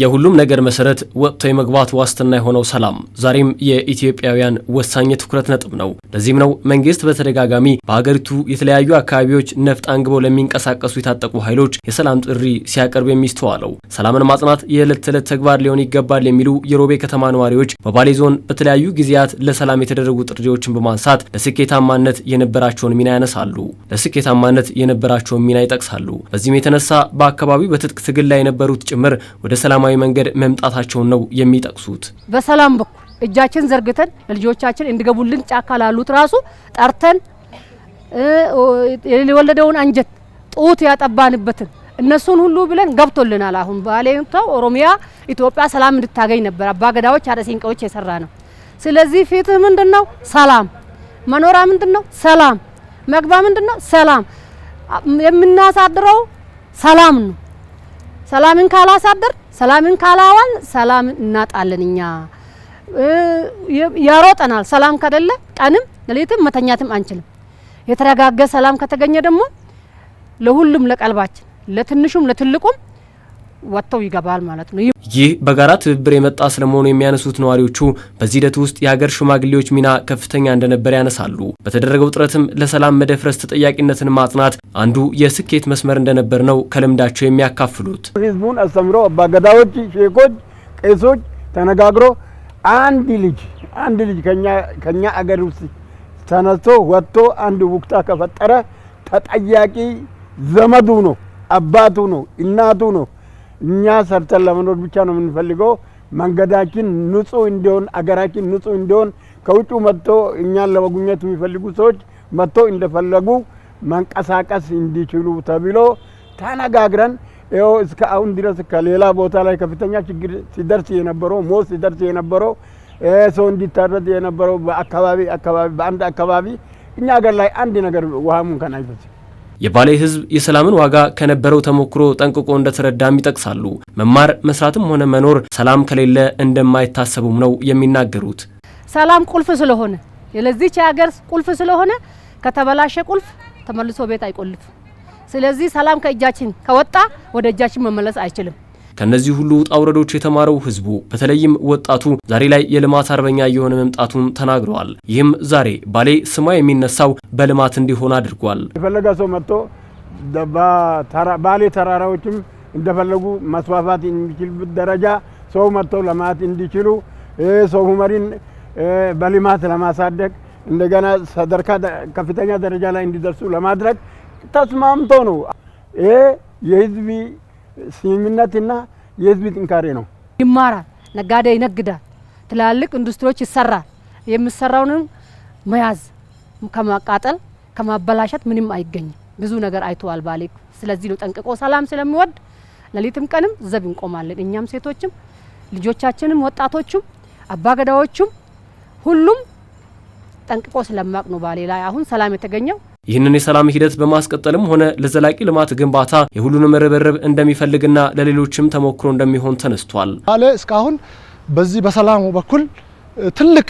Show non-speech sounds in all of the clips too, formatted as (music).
የሁሉም ነገር መሰረት ወጥቶ የመግባት ዋስትና የሆነው ሰላም ዛሬም የኢትዮጵያውያን ወሳኝ የትኩረት ነጥብ ነው። ለዚህም ነው መንግስት በተደጋጋሚ በሀገሪቱ የተለያዩ አካባቢዎች ነፍጥ አንግበው ለሚንቀሳቀሱ የታጠቁ ኃይሎች የሰላም ጥሪ ሲያቀርብ የሚስተዋለው። ሰላምን ማጽናት የዕለት ተዕለት ተግባር ሊሆን ይገባል የሚሉ የሮቤ ከተማ ነዋሪዎች በባሌ ዞን በተለያዩ ጊዜያት ለሰላም የተደረጉ ጥሪዎችን በማንሳት ለስኬታማነት የነበራቸውን ሚና ያነሳሉ፣ ለስኬታማነት የነበራቸውን ሚና ይጠቅሳሉ። በዚህም የተነሳ በአካባቢው በትጥቅ ትግል ላይ የነበሩት ጭምር ወደ ሰላም በሰላማዊ መንገድ መምጣታቸውን ነው የሚጠቅሱት። በሰላም በኩል እጃችን ዘርግተን ልጆቻችን እንዲገቡልን ጫካ ላሉት ራሱ ጠርተን የወለደውን አንጀት ጡት ያጠባንበትን እነሱን ሁሉ ብለን ገብቶልናል። አሁን ባሌንቶ ኦሮሚያ ኢትዮጵያ ሰላም እንድታገኝ ነበር አባገዳዎች አደ የሰራ ነው። ስለዚህ ፍትህ ምንድን ነው? ሰላም መኖሪያ ምንድን ነው? ሰላም መግባ ምንድን ነው? ሰላም የምናሳድረው ሰላም ነው። ሰላምን ካላሳደር ሰላምን ካላዋል ሰላም እናጣለን። እኛ ያሮጠናል። ሰላም ከሌለ ቀንም ሌሊትም መተኛትም አንችልም። የተረጋገ ሰላም ከተገኘ ደግሞ ለሁሉም ለቀልባችን፣ ለትንሹም ለትልቁም ወጥተው ይገባል ማለት ነው። ይህ በጋራ ትብብር የመጣ ስለመሆኑ የሚያነሱት ነዋሪዎቹ በዚህ ሂደት ውስጥ የሀገር ሽማግሌዎች ሚና ከፍተኛ እንደነበር ያነሳሉ። በተደረገው ጥረትም ለሰላም መደፍረስ ተጠያቂነትን ማጽናት አንዱ የስኬት መስመር እንደነበር ነው ከልምዳቸው የሚያካፍሉት። ህዝቡን አስተምሮ አባገዳዎች፣ ሼኮች፣ ቄሶች ተነጋግሮ አንድ ልጅ አንድ ልጅ ከኛ አገር ውስጥ ተነስቶ ወጥቶ አንድ ውክታ ከፈጠረ ተጠያቂ ዘመዱ ነው፣ አባቱ ነው፣ እናቱ ነው እኛ ሰርተን ለመኖር ብቻ ነው የምንፈልገው። መንገዳችን ንጹህ እንዲሆን፣ አገራችን ንጹህ እንዲሆን ከውጭ መጥቶ እኛን ለመጎብኘት የሚፈልጉ ሰዎች መጥቶ እንደፈለጉ መንቀሳቀስ እንዲችሉ ተብሎ ተነጋግረን ይኸው እስከ አሁን ድረስ ከሌላ ቦታ ላይ ከፍተኛ ችግር ሲደርስ የነበረው ሞት ሲደርስ የነበረው ሰው እንዲታረድ የነበረው በአካባቢ አካባቢ በአንድ አካባቢ እኛ ሀገር ላይ አንድ ነገር ውሃሙን ከናይፈስ የባሌ ህዝብ የሰላምን ዋጋ ከነበረው ተሞክሮ ጠንቅቆ እንደተረዳም ይጠቅሳሉ። መማር መስራትም ሆነ መኖር ሰላም ከሌለ እንደማይታሰቡም ነው የሚናገሩት። ሰላም ቁልፍ ስለሆነ የለዚች ሀገር ቁልፍ ስለሆነ ከተበላሸ ቁልፍ ተመልሶ ቤት አይቆልፍ። ስለዚህ ሰላም ከእጃችን ከወጣ ወደ እጃችን መመለስ አይችልም። ከነዚህ ሁሉ ውጣ ውረዶች የተማረው ህዝቡ በተለይም ወጣቱ ዛሬ ላይ የልማት አርበኛ እየሆነ መምጣቱን ተናግረዋል። ይህም ዛሬ ባሌ ስሟ የሚነሳው በልማት እንዲሆን አድርጓል። የፈለገ ሰው መጥቶ ባሌ ተራራዎችም እንደፈለጉ መስፋፋት የሚችልበት ደረጃ ሰው መጥተው ልማት እንዲችሉ ሰው ሁመሪን በልማት ለማሳደግ እንደገና ሰደርካ ከፍተኛ ደረጃ ላይ እንዲደርሱ ለማድረግ ተስማምቶ ነው ይሄ የህዝብ ስምምነትና የህዝብ ጥንካሬ ነው። ይማራል፣ ነጋዴ ይነግዳል፣ ትላልቅ ኢንዱስትሪዎች ይሰራል። የሚሰራውንም መያዝ ከማቃጠል ከማበላሸት ምንም አይገኝም። ብዙ ነገር አይተዋል ባሌ። ስለዚህ ነው ጠንቅቆ ሰላም ስለሚወድ ሌሊትም ቀንም ዘብ እንቆማለን። እኛም ሴቶችም ልጆቻችንም ወጣቶቹም አባገዳዎቹም ሁሉም ጠንቅቆ ስለማቅ ነው ባሌ ላይ አሁን ሰላም የተገኘው። ይህንን የሰላም ሂደት በማስቀጠልም ሆነ ለዘላቂ ልማት ግንባታ የሁሉንም ርብርብ እንደሚፈልግና ለሌሎችም ተሞክሮ እንደሚሆን ተነስቷል። አለ እስካሁን በዚህ በሰላሙ በኩል ትልቅ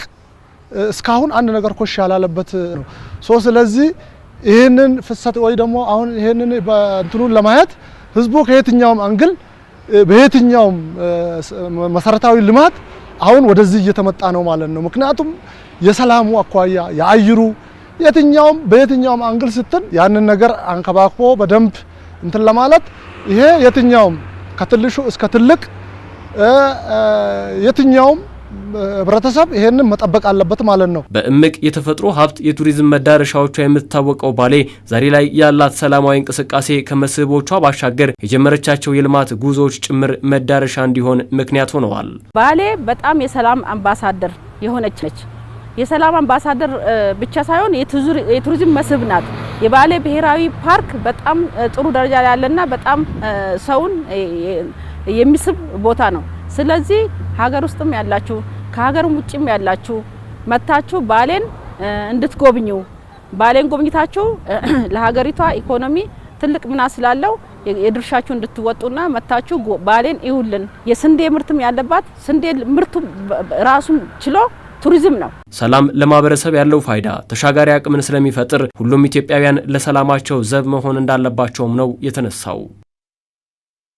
እስካሁን አንድ ነገር ኮሽ ያላለበት ነው። ሶ ስለዚህ ይህንን ፍሰት ወይ ደግሞ አሁን ይህንን እንትኑን ለማየት ህዝቡ ከየትኛውም አንግል በየትኛውም መሰረታዊ ልማት አሁን ወደዚህ እየተመጣ ነው ማለት ነው። ምክንያቱም የሰላሙ አኳያ የአይሩ የትኛውም በየትኛውም አንግል ስትል ያንን ነገር አንከባክቦ በደንብ እንትን ለማለት ይሄ የትኛውም ከትልሹ እስከ ትልቅ የትኛውም ህብረተሰብ ይሄንን መጠበቅ አለበት ማለት ነው። በእምቅ የተፈጥሮ ሀብት የቱሪዝም መዳረሻዎቿ የምትታወቀው ባሌ ዛሬ ላይ ያላት ሰላማዊ እንቅስቃሴ ከመስህቦቿ ባሻገር የጀመረቻቸው የልማት ጉዞዎች ጭምር መዳረሻ እንዲሆን ምክንያት ሆነዋል። ባሌ በጣም የሰላም አምባሳደር የሆነች ነች። የሰላም አምባሳደር ብቻ ሳይሆን የቱሪዝም መስህብ ናት። የባሌ ብሔራዊ ፓርክ በጣም ጥሩ ደረጃ ላይ ያለና በጣም ሰውን የሚስብ ቦታ ነው። ስለዚህ ሀገር ውስጥም ያላችሁ ከሀገርም ውጭም ያላችሁ መታችሁ ባሌን እንድትጎብኙ ባሌን ጎብኝታችሁ (clears throat) ለሀገሪቷ ኢኮኖሚ ትልቅ ምና ስላለው የድርሻችሁ እንድትወጡና መታችሁ ባሌን ይውልን። የስንዴ ምርትም ያለባት ስንዴ ምርቱ ራሱም ችሎ ቱሪዝም ነው። ሰላም ለማህበረሰብ ያለው ፋይዳ ተሻጋሪ አቅምን ስለሚፈጥር ሁሉም ኢትዮጵያውያን ለሰላማቸው ዘብ መሆን እንዳለባቸውም ነው የተነሳው።